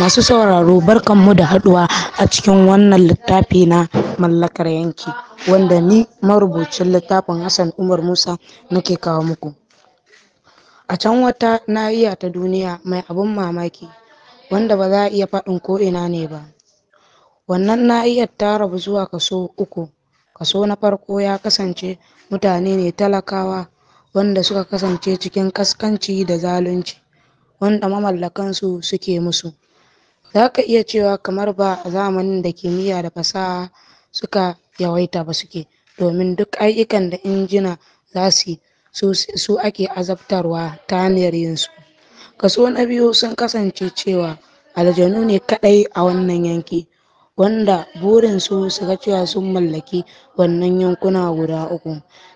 Masu sauraro barkanmu da haɗuwa a cikin wannan littafi na mallakar yanki wanda ni marubucin littafin Hassan Umar Musa nake kawo muku. A can wata nahiya ta duniya mai abin mamaki wanda ba za a iya faɗin ko'ina ne ba. Wannan na'iyar ta rabu zuwa kaso uku. Kaso na farko ya kasance mutane ne talakawa wanda suka kasance cikin ƙasƙanci da zalunci wanda mamallakansu suke musu. Za ka iya cewa kamar ba a zamanin da kimiyya da fasaha suka yawaita ba suke, domin duk ayyukan da injina za su yi su ake azabtarwa ta hanyar yinsu. Kaso na biyu sun kasance cewa aljanu ne kaɗai a wannan yanki, wanda burinsu su ga cewa sun mallaki wannan yankuna guda uku.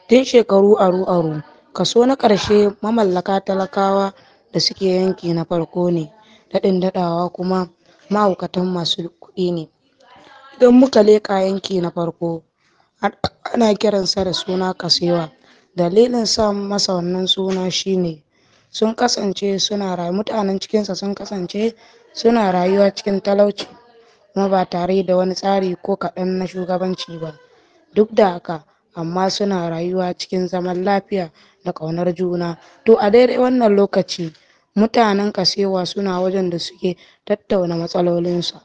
Tun shekaru aru-aru, kaso na ƙarshe mamallaka talakawa da suke yanki na farko ne, daɗin daɗawa kuma mahaukatan masu kuɗi ne idan muka leƙa yanki na farko ana kiransa da suna kasewa dalilin sa masa wannan suna shine sun kasance suna rayuwa mutanen cikinsa sun kasance suna rayuwa cikin talauci kuma ba tare da wani tsari ko kaɗan na shugabanci ba duk da haka amma suna rayuwa cikin zaman lafiya da ƙaunar juna to a daidai wannan lokaci Mutanen Kasewa suna wajen da suke tattauna matsalolinsu,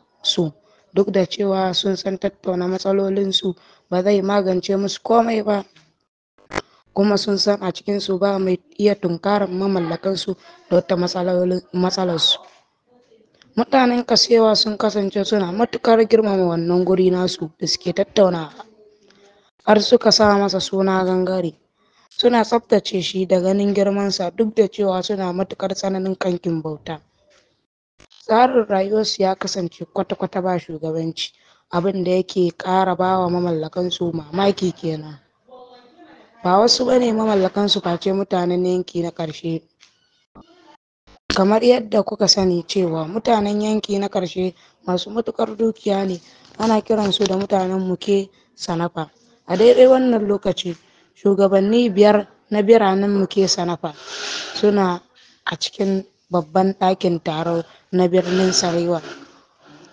duk da cewa sun san tattauna matsalolinsu ba zai magance musu komai ba, kuma sun san a cikinsu ba mai iya tunkarar mamallakansu da wata matsalarsu. Mutanen Kasewa sun kasance suna matukar girmama wannan guri nasu da suke tattaunawa, har suka sa masa suna Gangare. Suna tsaftace shi da ganin girmansa duk da cewa suna matuƙar tsananin ƙankin bauta. Tsarin rayuwarsu ya kasance kwata-kwata ba shugabanci, abin da yake ƙara bawa wa mamallakansu mamaki kenan. Ba wasu ba ne mamallakansu face mutanen yanki na ƙarshe. Kamar yadda kuka sani cewa mutanen yanki na ƙarshe masu matuƙar dukiya ne, ana kiransu da mutanen Muke Sanafa. A daidai wannan lokaci, Shugabanni biyar na biranen mu ke sanafa suna a cikin babban ɗakin taro na birnin Sarewa.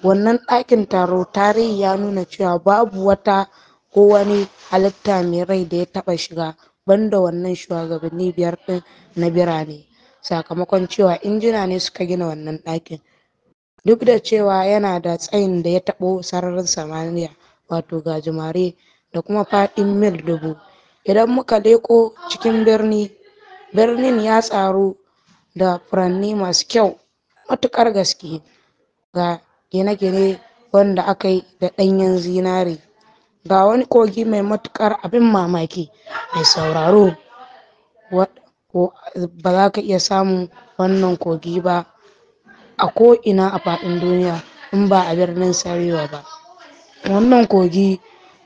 Wannan ɗakin taro tarihi ya nuna cewa babu wata ko wani halitta mai rai da ya taɓa shiga banda wannan shugabanni biyar ɗin na birane, sakamakon cewa injina ne suka gina wannan ɗakin. Duk da cewa yana da tsayin da ya taɓo sararin samaniya wato gajimare da kuma faɗin mil dubu. Idan muka leƙo cikin birni, birnin ya tsaru da furanni masu kyau matuƙar gaske ga gine-gine wanda aka yi da ɗanyen zinare. Ga wani kogi mai matuƙar abin mamaki mai sauraro ba za ka iya samun wannan kogi ba a ko'ina a faɗin duniya in ba a birnin Sarewa ba. Wannan kogi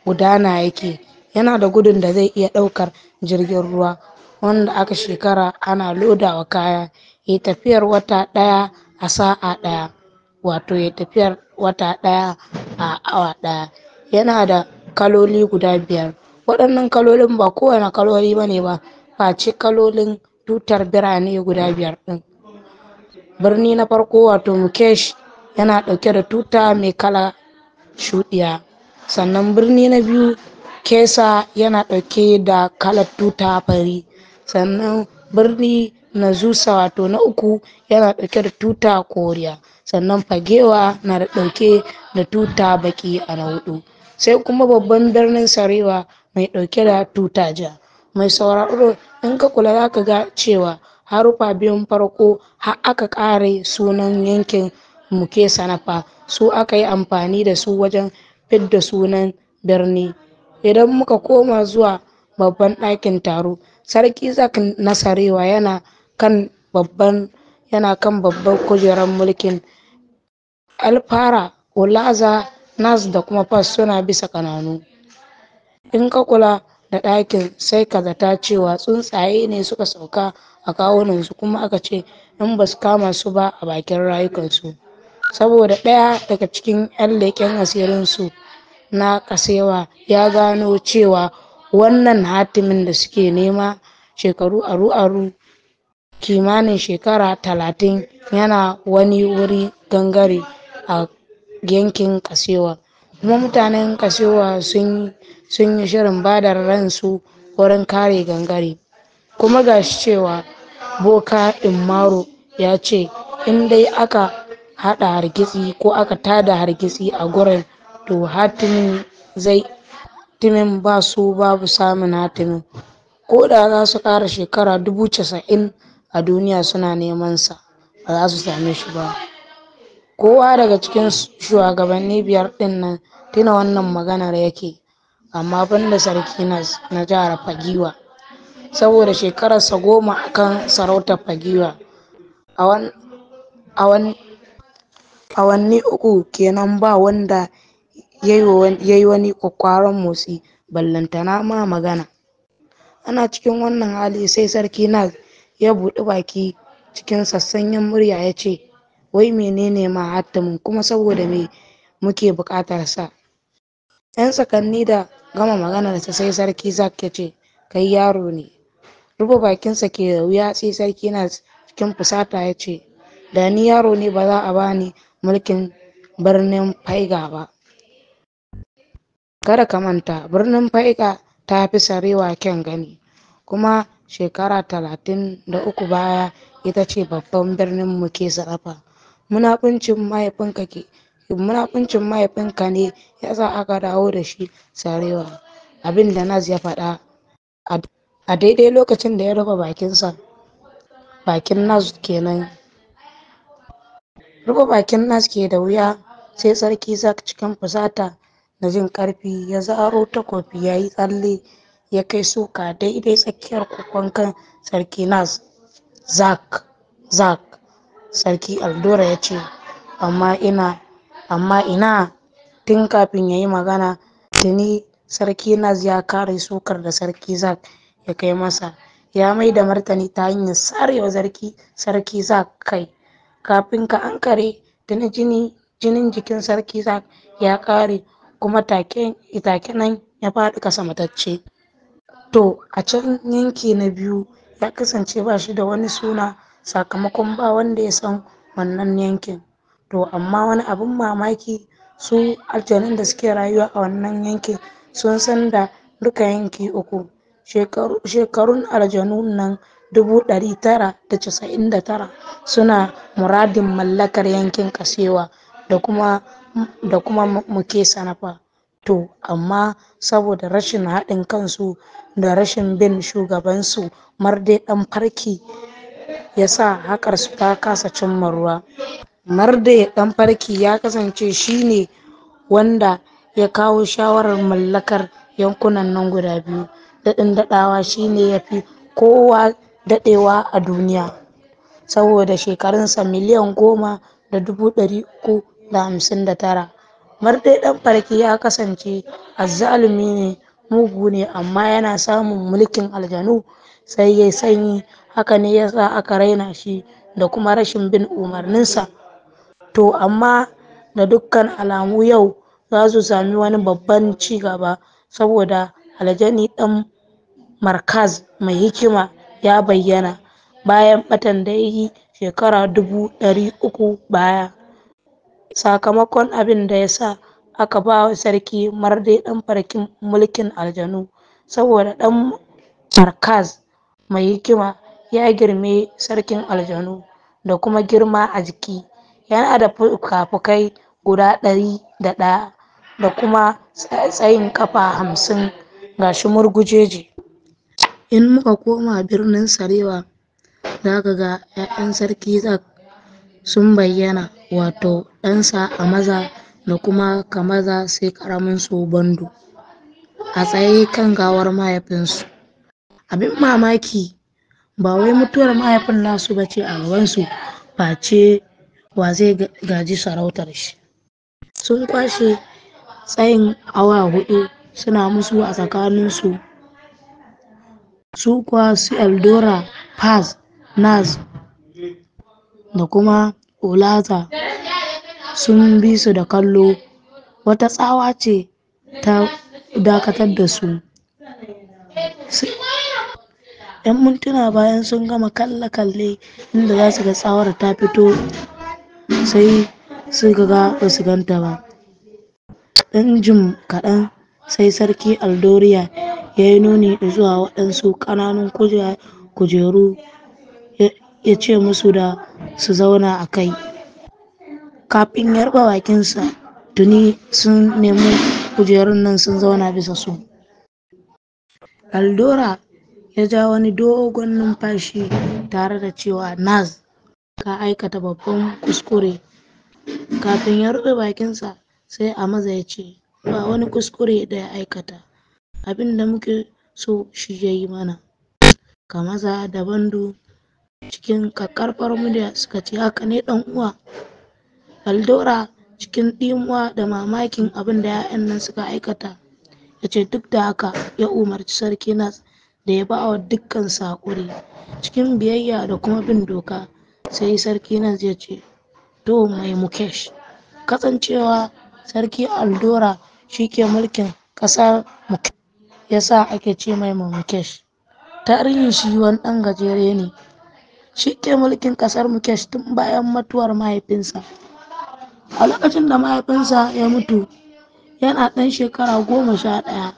gudana yake Yana da gudun da zai iya ɗaukar jirgin ruwa wanda aka shekara ana lodawa kaya ya tafiyar wata ɗaya a sa'a ɗaya, wato ya tafiyar wata ɗaya a awa ɗaya. Yana da kaloli guda biyar. Waɗannan kalolin ba kowane kaloli ba ne ba face kalolin tutar birane guda biyar ɗin. Birni na farko wato Mukesh yana ɗauke da tuta mai kala shuɗiya. Sannan birni na biyu Kesa yana ɗauke da kalar tuta fari, sannan birni na zusa wato na uku yana ɗauke da tuta koriya, sannan fagewa na ɗauke da tuta baƙi a na huɗu, sai kuma babban birnin Sarewa mai ɗauke da tuta ja. Mai sauraro in ka kula za ka ga cewa haruffa biyun farko har aka ƙare sunan yankin sanafa su aka yi amfani da su wajen fidda sunan birni. idan muka koma zuwa babban ɗakin taro sarki zak nasarewa yana kan babban yana kan babban kujerar mulkin alfara ulaza nas da kuma fas suna bisa ƙananu. in ka kula da ɗakin sai ka zata cewa tsuntsaye ne suka sauka a kawunansu kuma aka ce in ba su kama su ba a bakin rayukansu saboda ɗaya daga cikin 'yan leƙen asirinsu na Kasewa ya gano cewa wannan hatimin da suke nema shekaru aru-aru kimanin shekara talatin yana wani wuri gangare a yankin Kasewa, kuma mutanen Kasewa sun yi shirin bada ransu wurin kare gangare, kuma ga shi cewa Boka Imaru ya ce in dai aka haɗa hargitsi ko aka tada hargitsi a gurin to hatimin zai timin ba su babu samun hatimin ko da za su ƙara shekara dubu casa'in a duniya suna neman sa ba za su same shi ba kowa daga cikin shugabanni biyar ɗin nan tuna wannan maganar yake amma banda sarki na jihar fagiwa saboda shekararsa goma kan sarauta fagiwa a uku kenan ba wanda ya yi wani ƙwaƙƙwaran motsi, ballantana ma magana. Ana cikin wannan hali sai Sarki Nag ya buɗi baki cikin sassanyen murya ya ce, wai menene mu? kuma saboda me muke sa? ‘Yan sakanni da gama maganarsa sai Sarki Zak ya ce, kai yaro ne. Rufe bakinsa ke da wuya sai Sarki Nag cikin fusata ya ce, da ni yaro ne ba za a bani mulkin birnin Faiga ba. Kada ka manta, birnin faika ta fi Sarewa kyan gani, kuma shekara talatin da uku baya ita ce babban birnin mu sarrafa. Munafincin mahaifinka ne ya sa aka dawo da shi Sarewa, abin da Nas ya faɗa a daidai lokacin da ya rufe bakinsa. Bakin Nas ke Rufe bakin Nas ke da wuya, sai Sarki Zak cikin fusata na jin ƙarfi ya zaro takobi ya yi tsalle ya kai suka daidai tsakiyar kan sarki nas zak zak sarki aldora ya ce amma ina amma tun kafin ya yi magana tuni sarki nas ya kare sukar da sarki zak ya kai masa ya mai da martani ta hanyar sarewa sarki sarki zak kai kafin ka ankare tuni jini jinin jikin sarki zak ya kare kuma take nan ya faɗi kasamatacce. to a can yanki na biyu ya kasance ba shi da wani suna sakamakon ba wanda ya san wannan yankin to amma wani abin mamaki su aljanun da suke rayuwa a wannan yankin sun san da duka yanki uku shekarun aljanun nan dubu ɗari tara da casa'in da tara suna muradin mallakar yankin kasewa da kuma da kuma muke sanafa to amma saboda rashin haɗin kansu da rashin bin shugabansu dai ɗan farki ya sa haƙarsu ta kasa cimma ruwa dai ɗan farki ya kasance shine wanda ya kawo shawarar mallakar yankunan nan guda biyu daɗin daɗawa shine ya fi kowa daɗewa a duniya saboda shekarunsa miliyan goma da dubu ɗari uku da hamsin da tara marɗe ɗan farki ya kasance azzalumi ne mugu ne amma yana samun mulkin aljanu sai ya sanyi haka ne ya sa aka raina shi da kuma rashin bin umarninsa to amma da dukkan alamu yau za su sami wani babban ci gaba saboda aljani ɗan markaz mai hikima ya bayyana bayan batan da ya yi shekara dubu ɗari uku baya sakamakon abin da ya sa aka ba wa sarki mardai ɗan farkin mulkin aljanu saboda ɗan markaz mai hikima ya girme sarkin aljanu da kuma girma a jiki yana da fukafukai guda ɗari da ɗaya da kuma tsayin ƙafa hamsin ga shi murgujeji in muka koma birnin sarewa za ka ga 'ya'yan sarki sun bayyana wato ɗansa a maza da kuma ka maza sai ƙaramin su bando a tsaye kan gawar mahaifinsu abin mamaki ba wai mutuwar mahaifin nasu ba ce a gabansu face wa zai gaji sarautar shi sun kwashe tsayin awa huɗu suna musu a tsakaninsu su kuwa su eldora paz nas da kuma Olaza sun bi su da kallo, wata tsawa ce ta dakatar da su. ‘Yan mintuna bayan sun gama kalle-kalle inda za su ga tsawar ta fito sai suka ga ba ganta ba. Ɗan jim kaɗan sai Sarki Aldoriya ya yi nuni zuwa waɗansu ƙananun kujeru ya ce musu da su zauna a kai kafin ya raba bakinsa tuni sun nemi kujerun nan sun zauna bisa su aldora ya ja wani dogon numfashi tare da cewa nas ka aikata babban kuskure kafin ya rufe bakinsa sai a maza ya ce ba wani kuskure da ya aikata abin da muke so shi ya yi mana ka maza da bandu cikin ƙaƙƙarfar muda suka ce, Haka ne ɗan uwa. Aldora cikin ɗimuwa da mamakin abin da ’ya'yan nan suka aikata, ya ce, Duk da haka, ya umarci Sarki Nas da ya ba wa dukkan haƙuri, cikin biyayya da kuma bin doka, sai Sarki Nas ya ce, To, mai Mukesh, kasancewa Sarki Aldora shi ke mulkin ƙasar Mukesh, ya sa ake ce mai Mukesh. Tarihin shi wani ɗan gajere ne. shi ke mulkin kasar mukesh tun bayan mutuwar mahaifinsa a lokacin da mahaifinsa ya mutu yana ɗan shekara goma sha ɗaya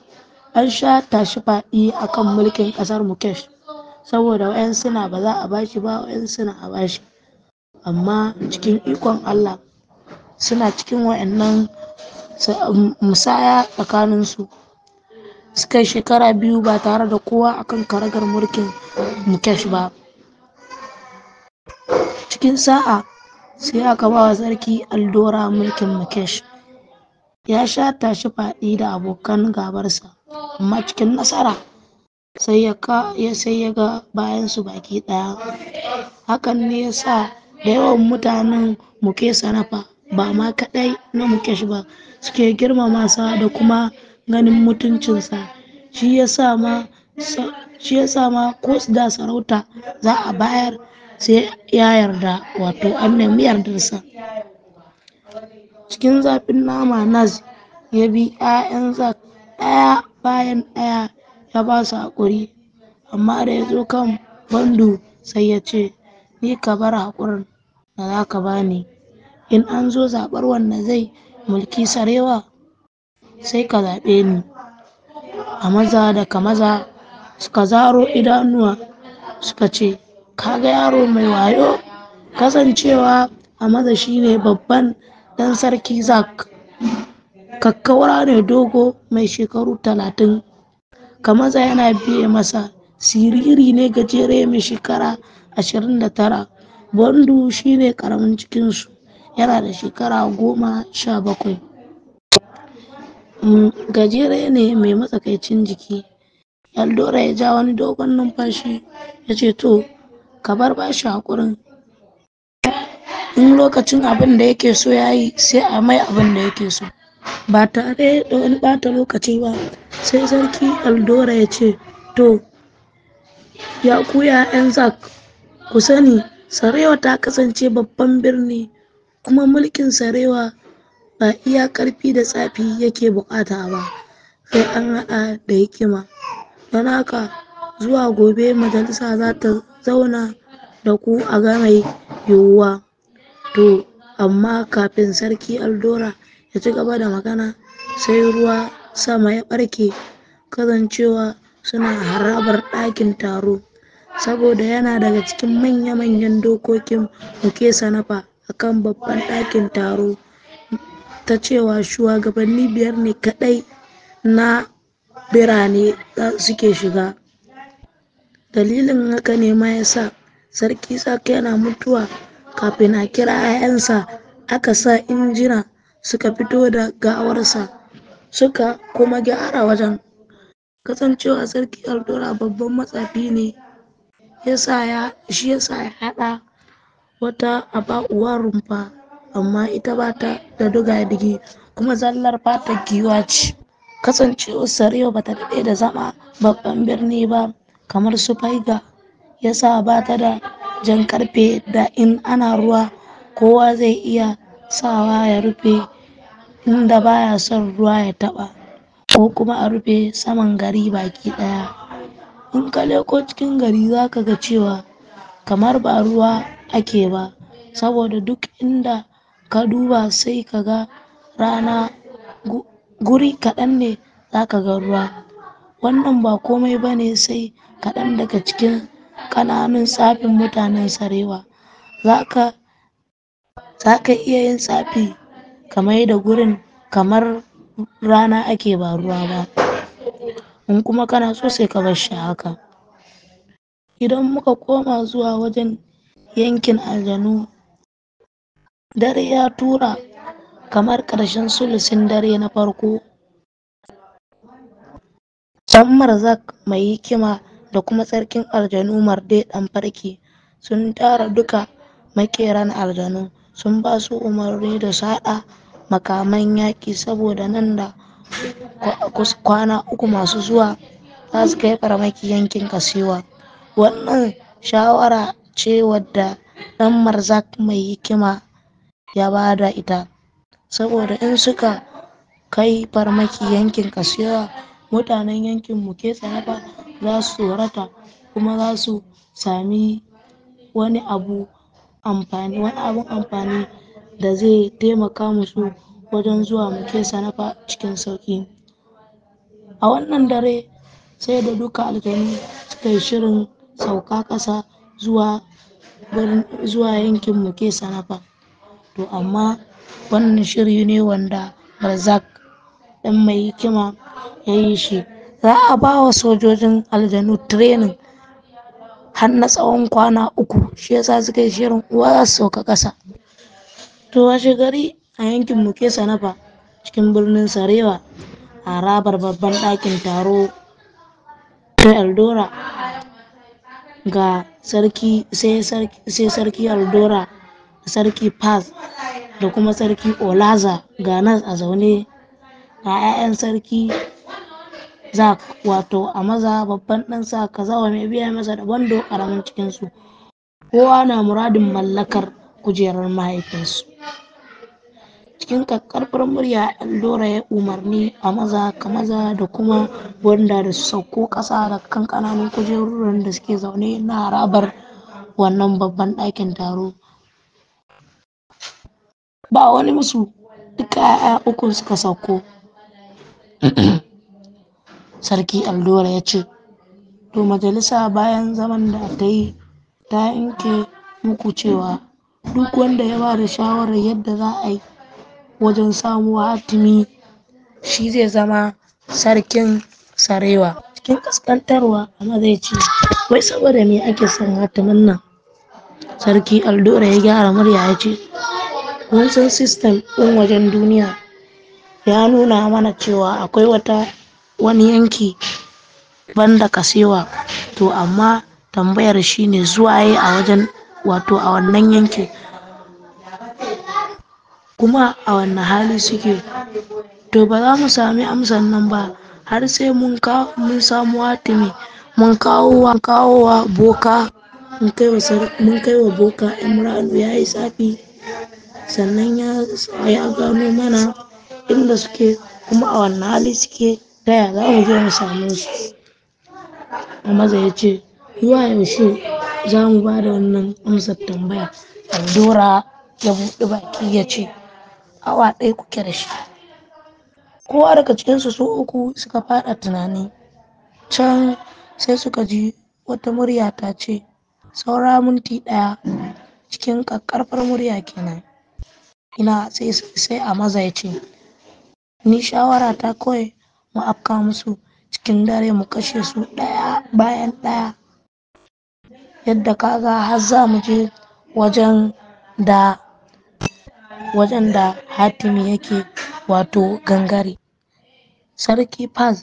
an sha tashi faɗi a kan mulkin ƙasar mukesh saboda wayan suna ba za a bashi ba wayan suna a bashi amma cikin ikon allah suna cikin wayannan um, musaya tsakaninsu suka shekara biyu ba tare da kowa akan karagar mulkin mukesh ba cikin sa'a, sai aka bawa Sarki Aldora mulkin Mukesh, ya sha tashi-faɗi da abokan gabarsa, amma cikin nasara, sai ya ga bayan su baki ɗaya. Hakan ne ya sa da yawan mutanen fa ba ma kaɗai na Mukesh ba, suke girmama sa da kuma ganin mutuncinsa, shi ya sa ma ko da sarauta za a bayar sai ya yarda wato an nemi yardarsa cikin zafin nama nas ya bi 'ya'yan zak ɗaya bayan ɗaya ya ba su haƙuri amma da ya zo kan bandu sai ya ce ni ka bar haƙurin da za ka bani in an zo zaɓar wanda zai mulki sarewa sai ka zaɓe ni a maza da ka maza suka zaro idanuwa suka ce kaga yaro mai wayo kasancewa a maza shine babban ɗan sarki Zak. Kakkaura ne dogo mai shekaru talatin. Kamaza yana biye masa, siriri ne gajere mai shekara ashirin da tara. Bondu shine karamin cikinsu, yana da shekara goma sha bakwai. Mm, gajere ne mai matsakaicin jiki. Yaldora ya ja wani dogon numfashi ya ce to ka bar bashi haƙurin in lokacin abin da yake so ya yi sai a mai abin da yake so ba tare da wani ɓata lokaci ba sai sarki aldora ya ce to ya ku 'yan zak ku sani sarewa ta kasance babban birni kuma mulkin sarewa ba iya ƙarfi da tsafi yake buƙata ba sai an haɗa da hikima don haka zuwa gobe majalisa za ta zauna da ku a gamai yiwuwa. To, amma kafin Sarki Aldora ya ci gaba da magana, sai ruwa sama ya ɓarke, kasancewa suna harabar ɗakin taro, saboda yana daga cikin manya-manyan dokokin Mukesa sana'fa akan babban ɗakin taro, ta cewa shuwagabanni biyar ne kaɗai na birane suke shiga. Dalilin haka ne ma ya sa Sarki Saka yana mutuwa kafin a kira 'ya'yansa aka sa injina suka fito da gawarsa suka kuma gyara wajen. Kasancewa Sarki Aldora babban matsafi ne shi ya sa ya haɗa wata abauwa rumfa, amma ita ba ta da dugadigi kuma zallar fata giwa ce. Kasancewar Sarewa ba ta daɗe da zama babban birni ba, kamar su ya sa ba ta da jan karfe da in ana ruwa kowa zai iya sawa ya rufe inda baya son ruwa ya taɓa ko kuma a rufe saman gari baki ɗaya in ka leko cikin gari zaka ga cewa kamar ba ruwa ake ba saboda duk inda ka duba sai ka ga rana guri kaɗan ne zaka ga ruwa Wannan ba komai ba ne sai kaɗan daga cikin ƙananun tsafin mutanen Sarewa. Za ka iya yin tsafi ka da gurin kamar rana ake ba ruwa ba, in kuma kana so sai ka bar shi haka. Idan muka koma zuwa wajen yankin aljanu, dare ya tura kamar ƙarshen sulusin dare na farko Dan Marzak mai hikima da kuma sarkin aljanu Marde farki sun tara duka maƙeran aljanu sun ba su umarni da su makaman yaƙi saboda nan da kwana uku masu zuwa za su kai farmaki yankin Kasiwa. Wannan shawara ce wadda ɗan Marzak mai hikima ya ba da ita, saboda in suka kai farmaki yankin Kasiwa mutanen yankin mu Harbour za su tsorata kuma za su sami wani abun amfani da zai taimaka musu wajen zuwa mu ke Harbour cikin sauƙi. A wannan dare sai da duka aljanu suka yi shirin sauka ƙasa zuwa yankin ke Harbour. To amma wannan shiri ne wanda Barzak ɗan mai hikima ya yi shi za a ba wa sojojin aljanu training har na tsawon kwana uku shi yasa suka yi shirin uwa za su sauka ƙasa to washe gari a yankin muke sanafa cikin birnin sarewa a rabar babban ɗakin taro ta eldora ga sarki sai sarki eldora sarki pass da kuma sarki olaza ga nan a zaune ga 'ya'yan sarki Zak wato a maza babban ka Kazawa mai biya masa da Bando ƙaramin cikinsu. Kowa na muradin mallakar kujerar mahaifinsu. Cikin kakkarfar murya Eldora ya umarni a maza ka maza da kuma wanda da su sauko ƙasa da kan ƙananan kujerun da suke zaune na harabar wannan babban ɗakin taro. Ba wani musu duka 'ya'ya uku suka sauko. Sarki Aldora ya ce, To majalisa bayan zaman da ta yi ta yanke muku cewa duk wanda ya ba da shawarar yadda za a yi wajen samu hatimi shi zai zama sarkin sarewa. Cikin ƙasƙantarwa amma zai ce, Wai saboda me ake son hatimin nan? Sarki Aldora ya gyara murya ya ce, wancan sistem ɗin wajen duniya ya nuna mana cewa akwai wata wani yanki banda kasewa to amma tambayar shine zuwa yi a wajen wato a wannan yanki kuma a wanne hali suke to ba za mu sami amsan nan ba har sai mun samu hatimi mun kawo wa boka mun kai wa boka imranu ya yi safi sannan ya gano mana inda suke kuma a wanne hali suke ta yaya za mu je mu same su maza ya ce zuwa yaushe za mu ba da wannan amsar tambaya dora ya buɗe baki ya ce awa ɗaya kuke da shi kowa daga cikinsu su uku suka faɗa tunani can sai suka ji wata murya ta ce saura minti ɗaya cikin ƙaƙƙarfar murya kenan ina sai a maza ya ce ni shawara ta kawai mu afka musu cikin dare mu kashe su ɗaya bayan ɗaya yadda kaga har za mu je wajen da wajen da hatimi yake wato gangare sarki faz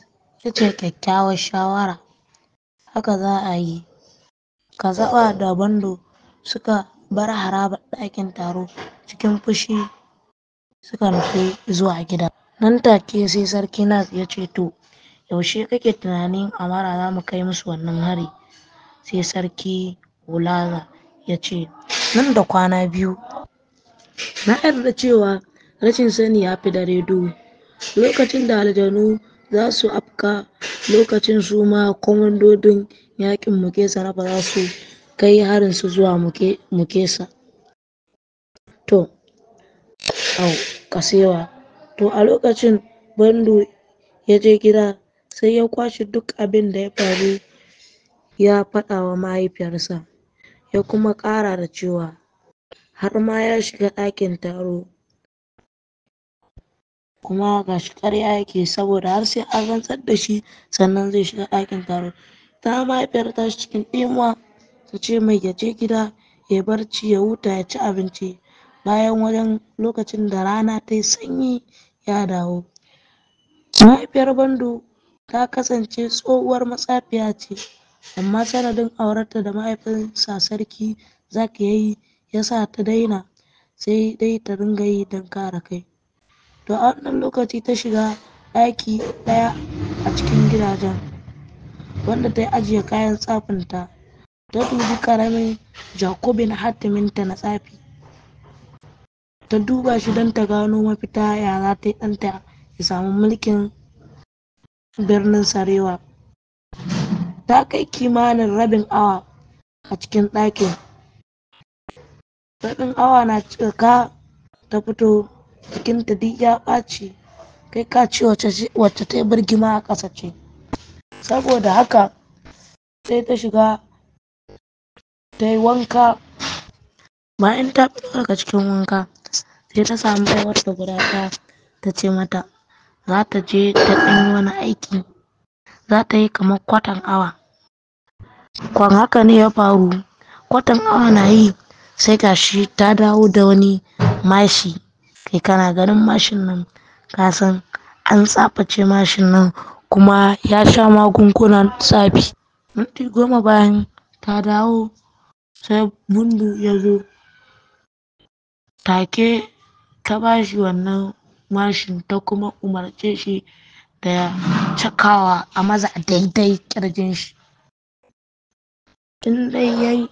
ya ce kyakkyawar shawara haka za a yi kazaɓa da bando suka bar harabar ɗakin taro cikin fushi suka nufi zuwa gida Nan take sai Sarki nas ya ce to, yaushe kake tunanin Amara za mu kai musu wannan hari? Sai Sarki Wulaza ya ce, nan da kwana biyu. Na yarda cewa rashin sani ya fi dare duhu. Lokacin da aljanu za su afka lokacin su ma kwamandodin yakin mukesa na za su kai harin su zuwa mukesa. To, au, kasewa. To a lokacin Bando ya je gida sai ya kwashe duk abin da ya faru ya faɗawa mahaifiyarsa, ya kuma ƙara da cewa har ma ya shiga ɗakin taro kuma ga shi ƙarya yake saboda har sai an rantsar da shi sannan zai shiga ɗakin taro. ta mahaifiyar tashi cikin ɗimuwa ta ce mai ya je gida ya barci ya huta ya ci abinci. Bayan wajen lokacin da rana ta yi sanyi ya dawo mahaifiyar bando ta kasance tsohuwar matsafiya ce amma sanadin aurarta da mahaifinsa sarki zaka ya yi ya sa ta daina sai dai ta ringa yi don kare kai to a wannan lokaci ta shiga ɗaki ɗaya a cikin gidajen wanda ta yi ajiye kayan tsafinta ta dubi ƙaramin jakubin hatiminta na tsafi ta duba shi don ta gano mafita ya za ta yi ɗanta ya samu mulkin birnin sarewa ta kai kimanin rabin awa a cikin ɗakin rabin awa na cika ta fito jikinta duk ya ɓaci kai ka ce wacce ta yi birgima a ƙasa ce saboda haka sai ta shiga ta yi wanka bayan ta fito daga cikin wanka sai ta samu ƙawarta guda ɗaya ta ce mata za ta je ta ɗan wani aiki za ta yi kamar kwatan awa kwan haka ne ya faru kwatan awa na yi sai shi ta dawo da wani mashi kai kana ganin mashin nan ka san an tsaface mashin nan kuma ya sha magungunan tsafi minti goma bayan ta dawo sai bundu ya zo take ta ba shi wannan mashin ta kuma umarce shi da ya cakawa a maza daidai kirjin shi in dai yayi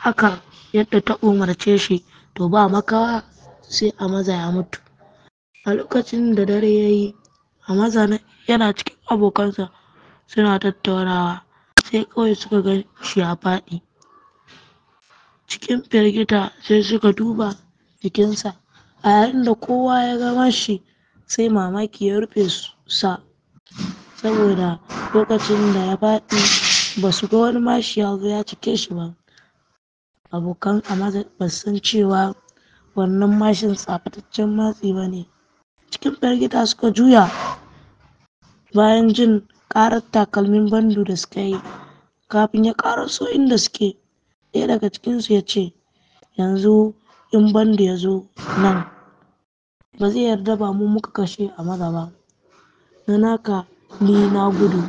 haka yadda ta umarce shi to ba makawa sai a maza ya mutu a lokacin da dare ya yi a maza yana cikin abokansa suna tattaunawa sai kawai suka ga shi ya faɗi cikin firgita sai suka duba jikinsa a yayin da kowa ya ga mashi, sai mamaki ya rufe sa saboda lokacin da ya faɗi ba su ga wani mashi ya zo ya cike shi ba abokan amma ba san cewa wannan mashin tsafataccen matsi ba ne cikin firgita suka juya bayan jin ƙarar takalmin bandu da suka yi kafin ya ƙara so inda suke ɗaya daga cikinsu ya ce yanzu in banda ya zo nan ba zai yarda ba mu muka kashe a maza ba na naka ni na gudu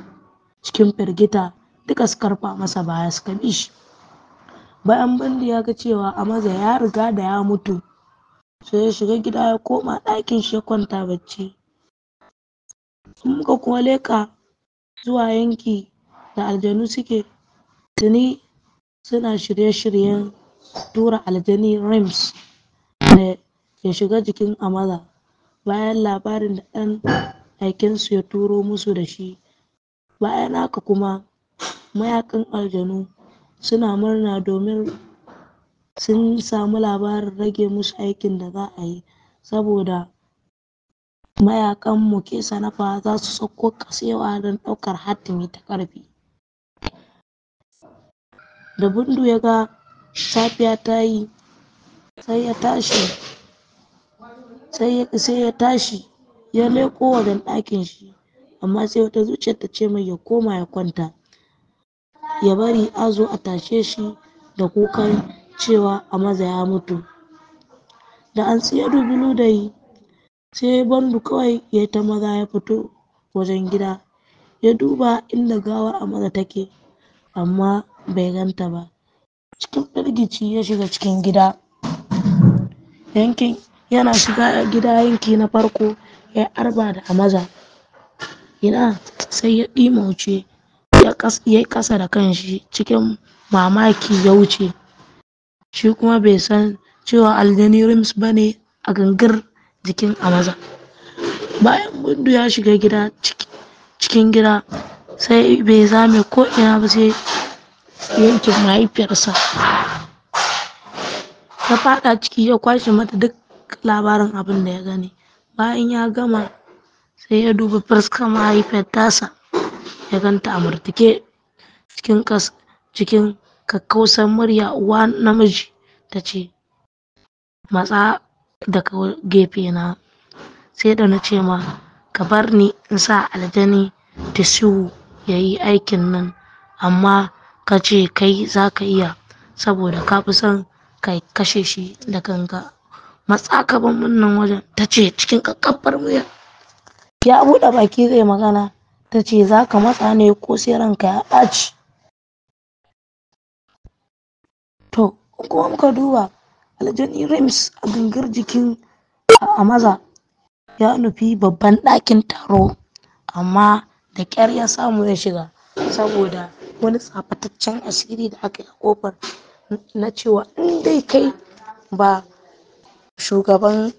cikin firgita duka su karfa masa baya suka bi shi bayan bandi ya ga cewa a maza ya riga da ya mutu sai ya shiga gida ya koma ɗakin shi ya kwanta bacci sun muka kuma leƙa zuwa yanki da aljanu suke tuni suna shirye-shiryen tura aljani rims da ya shiga jikin amala bayan labarin da ɗan aikinsu ya turo musu da shi bayan haka kuma mayakan aljanu suna murna domin sun samu labarin rage musu aikin da za a yi saboda mayakan mukesa na fa za su sauko kasewa don ɗaukar hatimi ta ƙarfi da bundu ya ga safiya ta yi sai ya tashi sai ya tashi ya leƙo wajen ɗakin shi amma sai wata zuciyar ta ce mai ya koma ya kwanta ya bari azo a tashe shi da kukan cewa a maza ya mutu da an tsaye dubilu da yi sai bandu kawai ya ta maza ya fito wajen gida ya duba inda gawar a maza take amma bai ganta ba cikin firgici ya shiga cikin gida yankin yana shiga gida yanki na farko ya arba da amaza ina sai ya ɗimauce ya ƙasa da kanshi cikin mamaki ya wuce shi kuma bai san cewa aljani rims ba ne a gangar jikin amaza bayan gundu ya shiga gida cikin gida sai bai zame ko ina ba sai Yankin mahaifiyarsa ta faɗa ciki ya kwashe mata duk labarin abin da ya gani bayan ya gama sai ya duba fuskar mahaifiyar tasa ya ganta a murtuke cikin cikin kakkausar murya uwa namiji ta ce matsa daga gefe na sai da na ce ma ka bar ni in sa aljani ta siwu ya yi aikin nan amma ka ce kai za ka iya saboda ka fi son ka kashe shi da kanka matsa ka ban wannan wajen ta ce cikin kakkabar wuya ya buɗe baki zai magana ta ce za ka matsa ne ko sai ranka ya ɓaci to kuma muka duba aljani rims a gangar jikin a maza ya nufi babban ɗakin taro amma da ƙyar ya samu ya shiga saboda wani tsafataccen asiri da aka yi a kofar na cewa in dai kai ba shugaban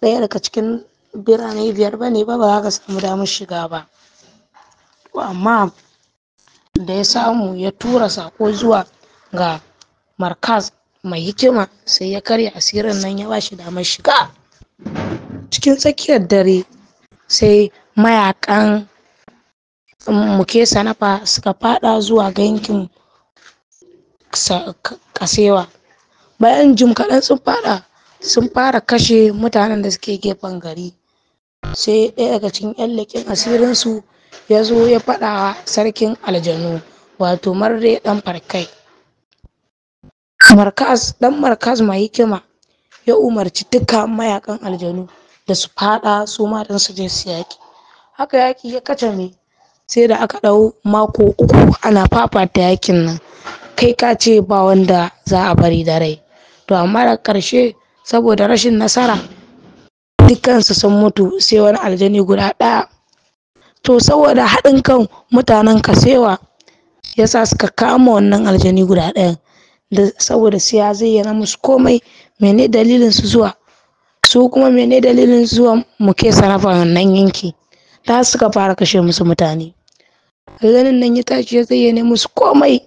ɗaya daga cikin birane biyar ba ne ba ba ka samu damar shiga ba amma da ya samu ya tura sako zuwa ga markaz mai hikima sai ya karya asirin nan ya ba shi damar shiga cikin tsakiyar dare sai mayakan Mukesa Nafa suka faɗa zuwa ga yankin Kasewa. Bayan jim kaɗan sun fada sun fara kashe mutanen da suke gefen gari. Sai ɗaya daga cikin 'yan leƙen asirinsu ya zo ya faɗa wa sarkin aljanu wato marre ɗan farkai. Markaz ɗan markaz mai hikima ya umarci duka mayakan aljanu da su fada su ma don su je su yaƙi. Haka yaƙi ya kacame sai da aka ɗau mako uku ana fafata yakin nan kai ka ce ba wanda za a bari da rai to amma da ƙarshe saboda rashin nasara dukansu sun mutu sai wani aljani guda ɗaya to saboda haɗin kan mutanen kasewa ya sa suka kama wannan aljani guda ɗayan da saboda sai ya zayyana musu komai mene dalilin su zuwa su kuma mene dalilin zuwa muke sarrafa wannan yanki ta suka fara kashe musu mutane ganin nan ya tashi ya zayyane musu komai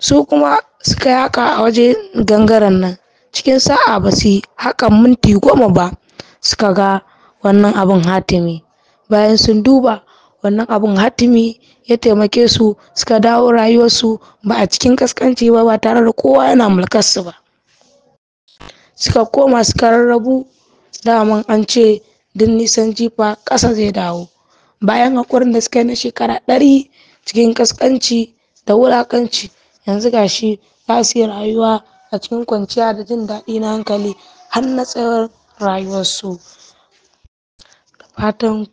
su kuma suka yi haka a wajen gangaren nan cikin sa'a ba su hakan minti goma ba suka ga wannan abin hatimi bayan sun duba wannan abin hatimi ya taimake su suka dawo rayuwarsu ba a cikin kaskanci ba ba tare da kowa yana mulkarsu ba suka koma suka rarrabu daman an ce duk nisan jifa ƙasa zai dawo bayan haƙurin da suka na shekara ɗari cikin ƙasƙanci da wulaƙanci yanzu gashi za su yi rayuwa a cikin kwanciya da jin daɗi na hankali har na tsawon rayuwarsu fatan